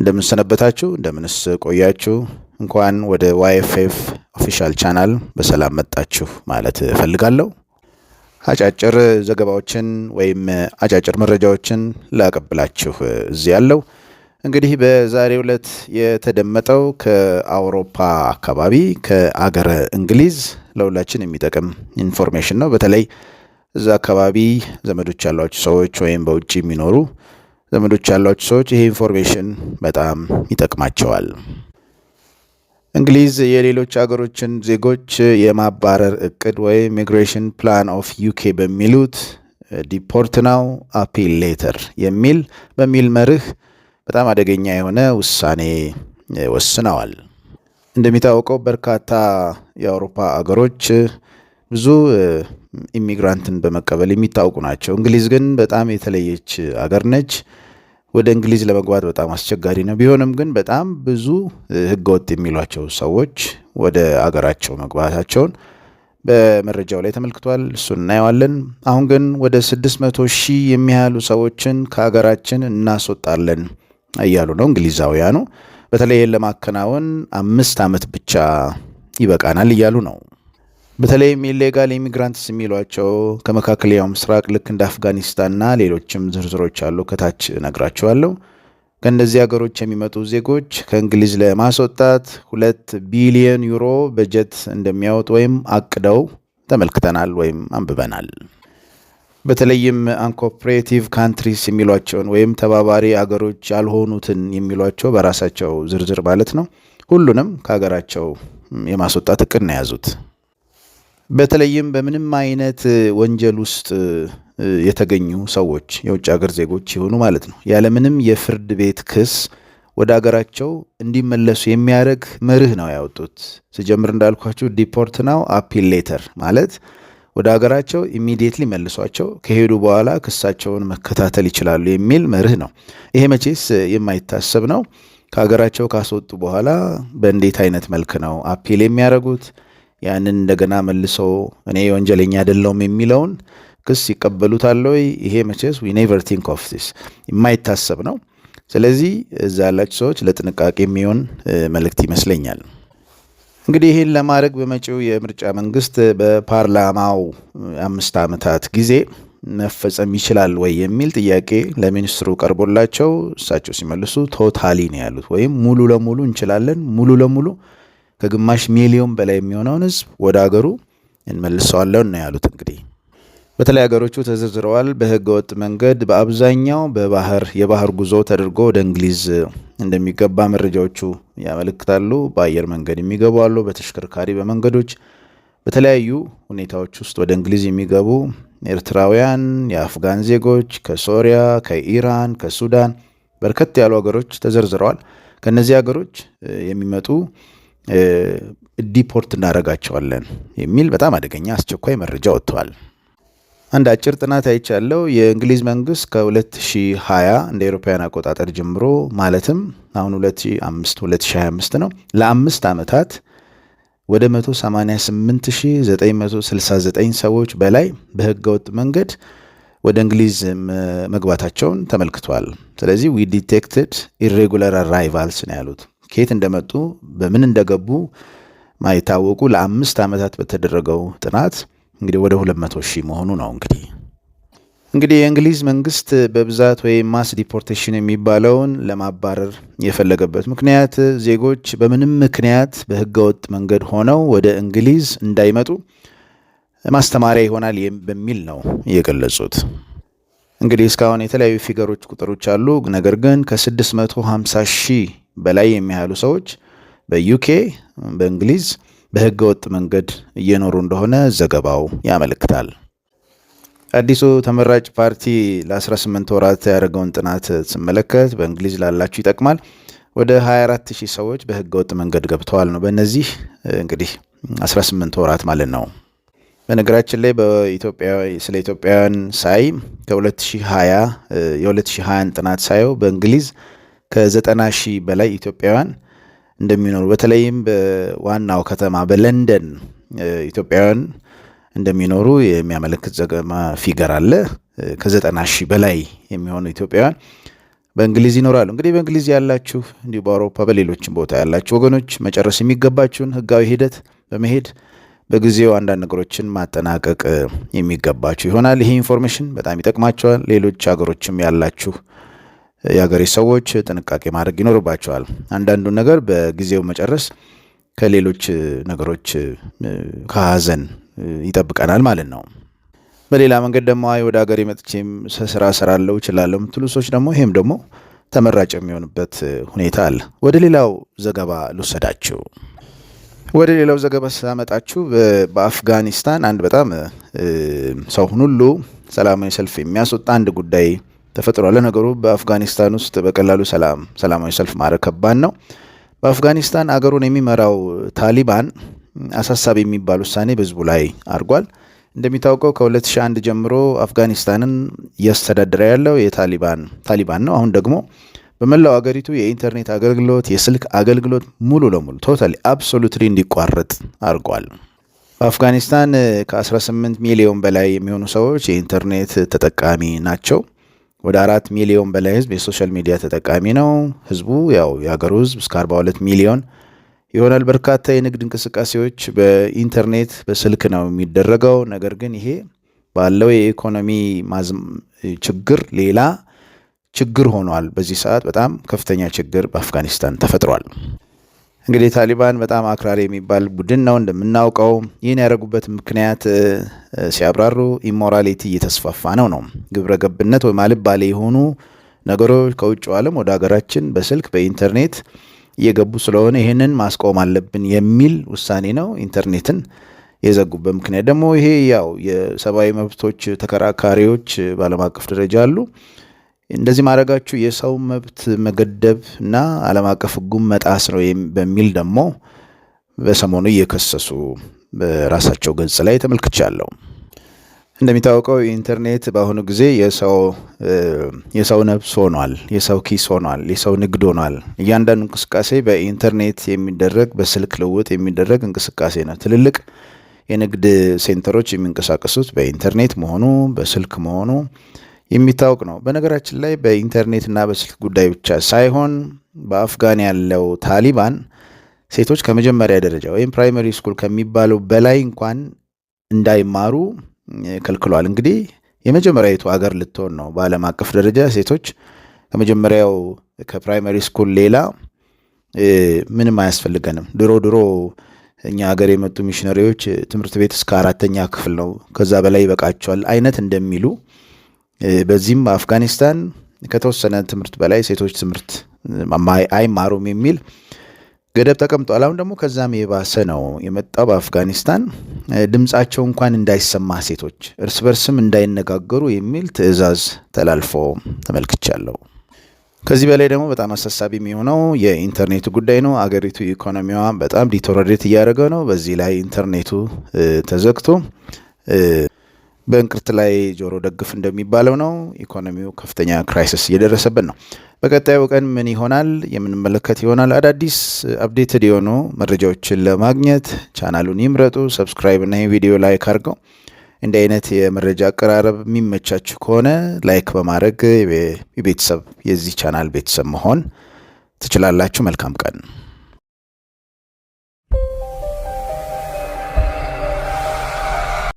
እንደምንሰነበታችሁ እንደምንስ ቆያችሁ። እንኳን ወደ ዋይኤፍኤፍ ኦፊሻል ቻናል በሰላም መጣችሁ ማለት እፈልጋለሁ። አጫጭር ዘገባዎችን ወይም አጫጭር መረጃዎችን ላቀብላችሁ እዚህ ያለው እንግዲህ በዛሬው ዕለት የተደመጠው ከአውሮፓ አካባቢ ከአገረ እንግሊዝ ለሁላችን የሚጠቅም ኢንፎርሜሽን ነው። በተለይ እዛ አካባቢ ዘመዶች ያሏቸው ሰዎች ወይም በውጭ የሚኖሩ ዘመዶች ያሏቸው ሰዎች ይሄ ኢንፎርሜሽን በጣም ይጠቅማቸዋል። እንግሊዝ የሌሎች አገሮችን ዜጎች የማባረር እቅድ ወይም ሚግሬሽን ፕላን ኦፍ ዩኬ በሚሉት ዲፖርት ናው አፒል ሌተር የሚል በሚል መርህ በጣም አደገኛ የሆነ ውሳኔ ወስነዋል። እንደሚታወቀው በርካታ የአውሮፓ አገሮች ብዙ ኢሚግራንትን በመቀበል የሚታወቁ ናቸው። እንግሊዝ ግን በጣም የተለየች አገር ነች። ወደ እንግሊዝ ለመግባት በጣም አስቸጋሪ ነው። ቢሆንም ግን በጣም ብዙ ህገወጥ የሚሏቸው ሰዎች ወደ አገራቸው መግባታቸውን በመረጃው ላይ ተመልክቷል። እሱን እናየዋለን። አሁን ግን ወደ 600 ሺህ የሚያህሉ ሰዎችን ከሀገራችን እናስወጣለን እያሉ ነው እንግሊዛውያኑ። በተለይ ይህን ለማከናወን አምስት ዓመት ብቻ ይበቃናል እያሉ ነው። በተለይም ኢሌጋል ኢሚግራንትስ የሚሏቸው ከመካከለኛው ምስራቅ ልክ እንደ አፍጋኒስታንና ሌሎችም ዝርዝሮች አሉ። ከታች እነግራችኋለሁ። ከእነዚህ ሀገሮች የሚመጡ ዜጎች ከእንግሊዝ ለማስወጣት ሁለት ቢሊዮን ዩሮ በጀት እንደሚያወጡ ወይም አቅደው ተመልክተናል ወይም አንብበናል። በተለይም አንኮፕሬቲቭ ካንትሪስ የሚሏቸውን ወይም ተባባሪ አገሮች ያልሆኑትን የሚሏቸው በራሳቸው ዝርዝር ማለት ነው። ሁሉንም ከሀገራቸው የማስወጣት እቅድ ነው የያዙት። በተለይም በምንም አይነት ወንጀል ውስጥ የተገኙ ሰዎች የውጭ ሀገር ዜጎች የሆኑ ማለት ነው ያለምንም የፍርድ ቤት ክስ ወደ ሀገራቸው እንዲመለሱ የሚያደርግ መርህ ነው ያወጡት። ስጀምር እንዳልኳችሁ ዲፖርት ናው አፒል ሌተር ማለት ወደ ሀገራቸው ኢሚዲየትሊ መልሷቸው ከሄዱ በኋላ ክሳቸውን መከታተል ይችላሉ የሚል መርህ ነው። ይሄ መቼስ የማይታሰብ ነው። ከሀገራቸው ካስወጡ በኋላ በእንዴት አይነት መልክ ነው አፒል የሚያደርጉት? ያንን እንደገና መልሰው እኔ ወንጀለኛ አይደለሁም የሚለውን ክስ ይቀበሉታል ወይ? ይሄ መቼስ ዊ ኔቨር ቲንክ ኦፍ ዚስ የማይታሰብ ነው። ስለዚህ እዛ ያላችሁ ሰዎች ለጥንቃቄ የሚሆን መልእክት ይመስለኛል። እንግዲህ ይህን ለማድረግ በመጪው የምርጫ መንግስት በፓርላማው አምስት ዓመታት ጊዜ መፈጸም ይችላል ወይ የሚል ጥያቄ ለሚኒስትሩ ቀርቦላቸው እሳቸው ሲመልሱ ቶታሊ ነው ያሉት፣ ወይም ሙሉ ለሙሉ እንችላለን፣ ሙሉ ለሙሉ ከግማሽ ሚሊዮን በላይ የሚሆነውን ህዝብ ወደ አገሩ እንመልሰዋለን ነው ያሉት። እንግዲህ በተለይ ሀገሮቹ ተዘርዝረዋል። በህገ ወጥ መንገድ በአብዛኛው በባህር የባህር ጉዞ ተደርጎ ወደ እንግሊዝ እንደሚገባ መረጃዎቹ ያመለክታሉ። በአየር መንገድ የሚገቡ አሉ። በተሽከርካሪ በመንገዶች በተለያዩ ሁኔታዎች ውስጥ ወደ እንግሊዝ የሚገቡ ኤርትራውያን፣ የአፍጋን ዜጎች ከሶሪያ፣ ከኢራን፣ ከሱዳን በርከት ያሉ ሀገሮች ተዘርዝረዋል። ከእነዚህ ሀገሮች የሚመጡ ዲፖርት እናደርጋቸዋለን የሚል በጣም አደገኛ አስቸኳይ መረጃ ወጥተዋል። አንድ አጭር ጥናት አይቻለው። የእንግሊዝ መንግስት ከ2020 እንደ አውሮፓውያን አቆጣጠር ጀምሮ ማለትም አሁን 2025 2025 ነው ለአምስት ዓመታት ወደ 188969 ሰዎች በላይ በህገወጥ መንገድ ወደ እንግሊዝ መግባታቸውን ተመልክቷል። ስለዚህ ዊ ዲቴክትድ ኢሬጉላር አራይቫልስ ነው ያሉት። ከየት እንደመጡ በምን እንደገቡ ማይታወቁ ለአምስት ዓመታት በተደረገው ጥናት እንግዲህ ወደ 200 ሺህ መሆኑ ነው። እንግዲህ እንግዲህ የእንግሊዝ መንግስት በብዛት ወይም ማስ ዲፖርቴሽን የሚባለውን ለማባረር የፈለገበት ምክንያት ዜጎች በምንም ምክንያት በህገወጥ መንገድ ሆነው ወደ እንግሊዝ እንዳይመጡ ማስተማሪያ ይሆናል በሚል ነው የገለጹት። እንግዲህ እስካሁን የተለያዩ ፊገሮች፣ ቁጥሮች አሉ። ነገር ግን ከ650 ሺህ በላይ የሚያሉ ሰዎች በዩኬ በእንግሊዝ በህገ ወጥ መንገድ እየኖሩ እንደሆነ ዘገባው ያመለክታል። አዲሱ ተመራጭ ፓርቲ ለ18 ወራት ያደረገውን ጥናት ስመለከት በእንግሊዝ ላላችሁ ይጠቅማል። ወደ 24 ሺህ ሰዎች በህገ ወጥ መንገድ ገብተዋል ነው። በእነዚህ እንግዲህ 18 ወራት ማለት ነው። በነገራችን ላይ ስለ ኢትዮጵያውያን ሳይ ከ2020 2020 ጥናት ሳየው በእንግሊዝ ከዘጠና ሺህ በላይ ኢትዮጵያውያን እንደሚኖሩ በተለይም በዋናው ከተማ በለንደን ኢትዮጵያውያን እንደሚኖሩ የሚያመለክት ዘገማ ፊገር አለ። ከዘጠና ሺህ በላይ የሚሆኑ ኢትዮጵያውያን በእንግሊዝ ይኖራሉ። እንግዲህ በእንግሊዝ ያላችሁ እንዲሁ በአውሮፓ በሌሎችም ቦታ ያላችሁ ወገኖች መጨረስ የሚገባችሁን ህጋዊ ሂደት በመሄድ በጊዜው አንዳንድ ነገሮችን ማጠናቀቅ የሚገባችሁ ይሆናል። ይሄ ኢንፎርሜሽን በጣም ይጠቅማቸዋል። ሌሎች ሀገሮችም ያላችሁ የሀገሬ ሰዎች ጥንቃቄ ማድረግ ይኖርባቸዋል። አንዳንዱን ነገር በጊዜው መጨረስ ከሌሎች ነገሮች ከሀዘን ይጠብቀናል ማለት ነው። በሌላ መንገድ ደግሞ አይ ወደ ሀገሬ መጥቼም ስራ እሰራለሁ እችላለሁ የምትሉ ሰዎች ደግሞ ይሄም ደግሞ ተመራጭ የሚሆንበት ሁኔታ አለ። ወደ ሌላው ዘገባ ልውሰዳችሁ። ወደ ሌላው ዘገባ ሳመጣችሁ በአፍጋኒስታን አንድ በጣም ሰውን ሁሉ ሰላማዊ ሰልፍ የሚያስወጣ አንድ ጉዳይ ተፈጥሯል። ለነገሩ በአፍጋኒስታን ውስጥ በቀላሉ ሰላም ሰላማዊ ሰልፍ ማድረግ ከባድ ነው። በአፍጋኒስታን አገሩን የሚመራው ታሊባን አሳሳቢ የሚባል ውሳኔ በህዝቡ ላይ አድርጓል። እንደሚታወቀው ከ2001 ጀምሮ አፍጋኒስታንን እያስተዳደረ ያለው የታሊባን ታሊባን ነው። አሁን ደግሞ በመላው አገሪቱ የኢንተርኔት አገልግሎት፣ የስልክ አገልግሎት ሙሉ ለሙሉ ቶታሊ አብሶሉትሊ እንዲቋረጥ አድርጓል። በአፍጋኒስታን ከ18 ሚሊዮን በላይ የሚሆኑ ሰዎች የኢንተርኔት ተጠቃሚ ናቸው። ወደ አራት ሚሊዮን በላይ ህዝብ የሶሻል ሚዲያ ተጠቃሚ ነው። ህዝቡ ያው የሀገሩ ህዝብ እስከ 42 ሚሊዮን ይሆናል። በርካታ የንግድ እንቅስቃሴዎች በኢንተርኔት በስልክ ነው የሚደረገው። ነገር ግን ይሄ ባለው የኢኮኖሚ ችግር ሌላ ችግር ሆኗል። በዚህ ሰዓት በጣም ከፍተኛ ችግር በአፍጋኒስታን ተፈጥሯል። እንግዲህ ታሊባን በጣም አክራሪ የሚባል ቡድን ነው እንደምናውቀው። ይህን ያደረጉበት ምክንያት ሲያብራሩ ኢሞራሊቲ እየተስፋፋ ነው ነው ግብረ ገብነት ወይም አልባሌ የሆኑ ነገሮች ከውጭ ዓለም ወደ ሀገራችን በስልክ በኢንተርኔት እየገቡ ስለሆነ ይህንን ማስቆም አለብን የሚል ውሳኔ ነው ኢንተርኔትን የዘጉበት ምክንያት ደግሞ ይሄ ያው የሰብአዊ መብቶች ተከራካሪዎች በዓለም አቀፍ ደረጃ አሉ። እንደዚህ ማድረጋችሁ የሰው መብት መገደብ እና ዓለም አቀፍ ሕጉም መጣስ ነው በሚል ደግሞ በሰሞኑ እየከሰሱ በራሳቸው ገጽ ላይ ተመልክቻለሁ። እንደሚታወቀው ኢንተርኔት በአሁኑ ጊዜ የሰው ነብስ ሆኗል፣ የሰው ኪስ ሆኗል፣ የሰው ንግድ ሆኗል። እያንዳንዱ እንቅስቃሴ በኢንተርኔት የሚደረግ በስልክ ልውውጥ የሚደረግ እንቅስቃሴ ነው። ትልልቅ የንግድ ሴንተሮች የሚንቀሳቀሱት በኢንተርኔት መሆኑ በስልክ መሆኑ የሚታወቅ ነው። በነገራችን ላይ በኢንተርኔትና በስልክ ጉዳይ ብቻ ሳይሆን በአፍጋን ያለው ታሊባን ሴቶች ከመጀመሪያ ደረጃ ወይም ፕራይመሪ ስኩል ከሚባለው በላይ እንኳን እንዳይማሩ ከልክሏል። እንግዲህ የመጀመሪያዊቱ አገር ልትሆን ነው በዓለም አቀፍ ደረጃ ሴቶች ከመጀመሪያው ከፕራይመሪ ስኩል ሌላ ምንም አያስፈልገንም። ድሮ ድሮ እኛ ሀገር የመጡ ሚሽነሪዎች ትምህርት ቤት እስከ አራተኛ ክፍል ነው፣ ከዛ በላይ ይበቃቸዋል አይነት እንደሚሉ በዚህም አፍጋኒስታን ከተወሰነ ትምህርት በላይ ሴቶች ትምህርት አይማሩም የሚል ገደብ ተቀምጧል። አሁን ደግሞ ከዛም የባሰ ነው የመጣው። በአፍጋኒስታን ድምፃቸው እንኳን እንዳይሰማ ሴቶች እርስ በርስም እንዳይነጋገሩ የሚል ትዕዛዝ ተላልፎ ተመልክቻለሁ። ከዚህ በላይ ደግሞ በጣም አሳሳቢ የሚሆነው የኢንተርኔቱ ጉዳይ ነው። አገሪቱ ኢኮኖሚዋ በጣም ዲቶረዴት እያደረገ ነው። በዚህ ላይ ኢንተርኔቱ ተዘግቶ በእንቅርት ላይ ጆሮ ደግፍ እንደሚባለው ነው። ኢኮኖሚው ከፍተኛ ክራይሲስ እየደረሰብን ነው። በቀጣዩ ቀን ምን ይሆናል የምንመለከት ይሆናል። አዳዲስ አፕዴትድ የሆኑ መረጃዎችን ለማግኘት ቻናሉን ይምረጡ። ሰብስክራይብ እና ቪዲዮ ላይክ አድርገው። እንዲህ አይነት የመረጃ አቀራረብ የሚመቻችሁ ከሆነ ላይክ በማድረግ የቤተሰብ የዚህ ቻናል ቤተሰብ መሆን ትችላላችሁ። መልካም ቀን